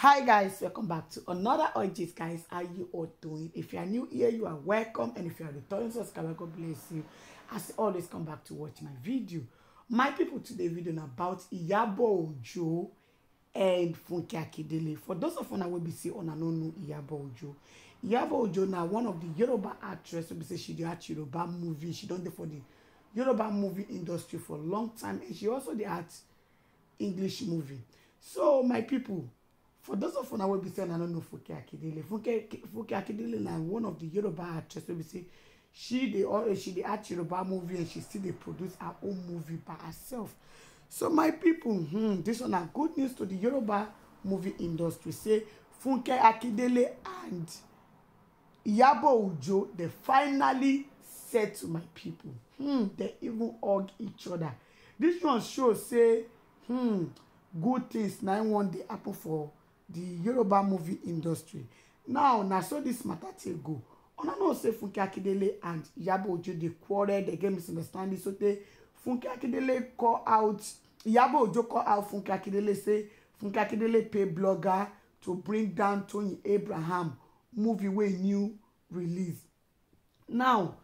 hi guys welcome back to another OGs guys how you all doing if you are new here you are welcome and if you are returning subscriber god bless you as always come back to watch my video my people today video na about Iyabo Ojo and Funke Akindele for those of you una will be see on no know Iyabo Ojo Iyabo Ojo now one of the Yoruba actress wey be say she do act Yoruba movie she done there for the Yoruba movie industry for a long time and she also dey act English movie so my people For those of you now will be saying, I don't know Funke Akindele. Funke, Funke Akindele na one of the Yoruba actresses. We say she dey always she dey act Yoruba movie and she still dey produce her own movie by herself. So my people, hmm, this one na good news to the Yoruba movie industry. Say Funke Akindele and Iyabo Ojo, they finally said to my people, hmm, they even hug each other. This one show say, hmm, good things na one dey happen for the yoruba movie industry now na so this matter take go una know say funke akindele and iyabo ojo dey quarrel dey get misunderstanding sotey funke akindele call out iyabo ojo call out funke akindele say funke akindele pay blogger to bring down Tony abraham movie wey new release now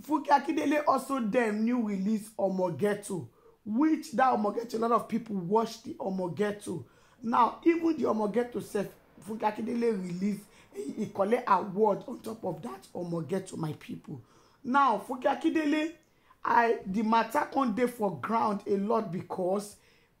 funke akindele also dem new release omogeto which that omogeto a lot of people watch the omogeto now even the omogeto sef funke release he collect award on top of that omogeto my people now funke i the matter come dey for ground a lot because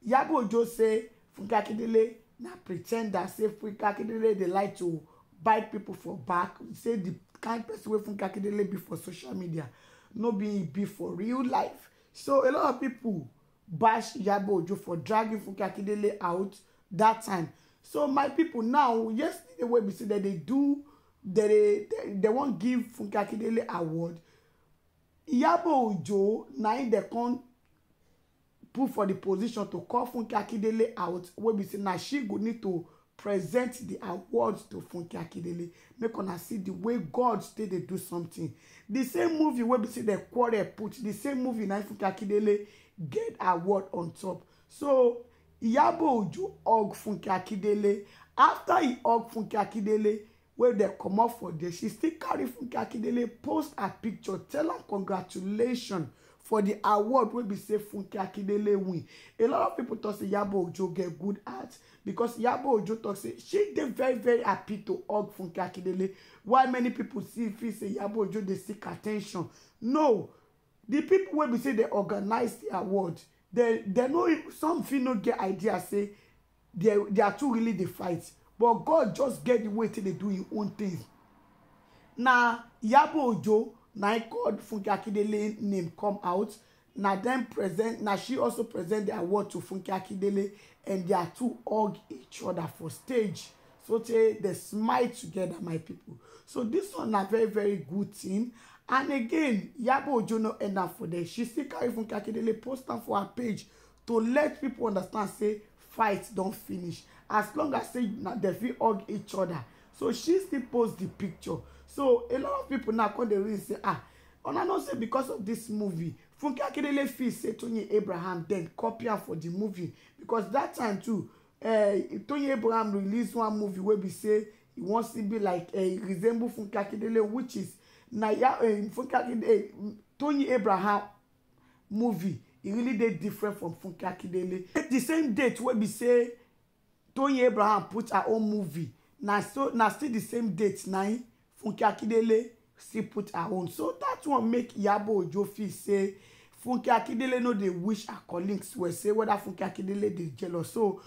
yabo ojo say funke na pre ten der say funke akindele dey like to bite people for back say the kind person wey funke be for social media no be e be for real life so a lot of people bash yabo ojo for dragging funke out that time so my people now yesterday way we see that they do they they dem wan give funke akindele award iyabo ojo na im dem put for the position to call funke akindele out We be say na she would need to present the awards to funke akindele make una see the way god take they do something the same movie wey be say dem quarrel put the same movie now funke akindele get award on top so Iyabo Ojo hug Funke Akindele after he hug Funke Akindele wey dem comot for there she still carry Funke Akindele post her picture tell am congratulations for the award wey be say Funke Akindele win a lot of people talk say yabo Ojo get good heart because yabo Ojo talk say she dey very very happy to hug Funke Akindele while many people see feel say yabo Ojo dey seek attention no the people wey be say dey organize the award they they know some fit no get idea say they they are too really the fight but god just get the way till they do him own thing Now yabo Ojo now e him called Funke Akindele name come out now dem present now she also present the award to Funke Akindele and they are two hug each other for stage so they they smile together my people so this one a very very good thing and again Iyabo Ojo no end am for there she still carry Funke Akindele post am for her page to let people understand say fight don finish as long as say na dem fit hug each other so she still post the picture so a lot of people now come dey reason say ah una know say because of this movie Funke Akindele feel say Toyin Abraham then copy am for the movie because that time too uh, eh, Toyin Abraham release one movie wey be say e wan still be like uh, resemble Funke Akindele which is na ya eh, funke akindele eh, toyin abraham movie e really dey different from funke akindele the same date wey be say Tony abraham put her own movie na so na still the same date na im funke akindele still put her own so that one make Yabo ojo feel say funke akindele no dey wish her colleagues well say whether funke akindele dey jealous so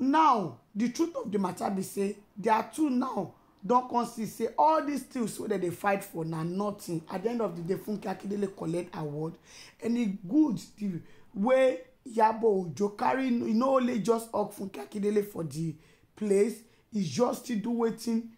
now the truth of the matter be say there are two now Don't come say all these things so that they fight for na nothing at the end of the day funke akindele collect award and e good the way yabo ojo carry you e know, only just hug funke akindele for the place e just still do waiting,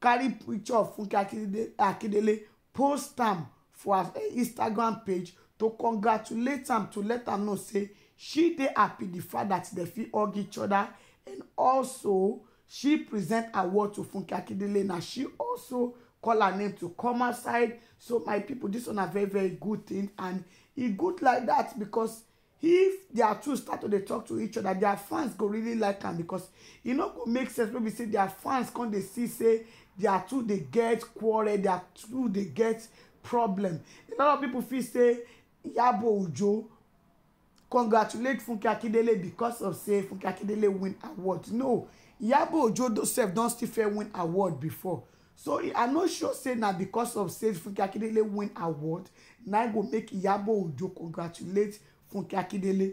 carry picture of funke akindele, akindele post am for her instagram page to congratulate am to let am know say she dey happy the fact that they fit hug each other and also she present award to funke akindele na she also call her name to come outside so my people this one na very very good thing and e good like that because if their two start to dey talk to each other their fans go really like am because e no go make sense wey be say their fans come dey see say their two dey get quarrel their two dey get problem a lot of people feel say yabo ojo congratulate funke akindele because of say funke akindele win award no Yabo Ojodo sef don still fair win award before so I'm not sure say na because of say Funke Akindele win award na e go make Yabo Ojo congratulate Funke Akindele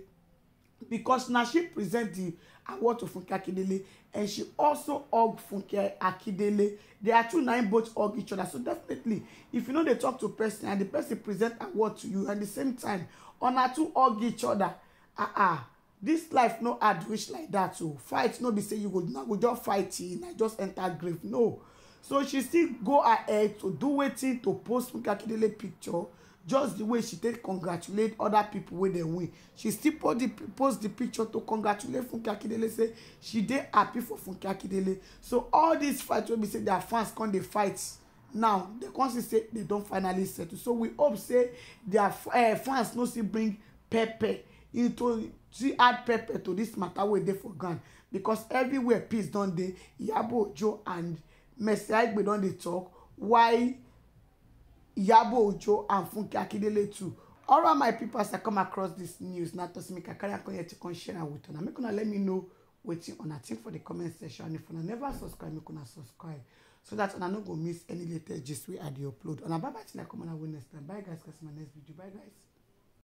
because now she present the award to Funke Akindele and she also hug Funke Akindele they are two nine both hug each other so definitely if you know they talk to person and the person present award to you at the same time on una two hug each other ah uh ah -uh. This life no hard reach like that. o oh. fight no be say you go just fight e na just enter grave no so she still go ahead to do wetin to post nkakidele picture just the way she take congratulate other people wey dem win she still post the picture to congratulate funke akidele say she dey happy for funke akidele so all these fights wey be say their fans come dey fight now dem come see say dem don finally settle so we hope say dia eh, fans no still bring pepper into see add pepper to this matter wey dey for ground because everywhere peace don dey Yabo ojo and mercy aigbe don dey talk? Why Yabo ojo and funke akindele too all my people as i come across this news na to make i carry am here to come share am with una make una let me know wetin una think for the comment section and if una never subscribe make una subscribe so that una no go miss any latest gist wey i dey upload una bye bye till i come on next time bye guys my next video bye guys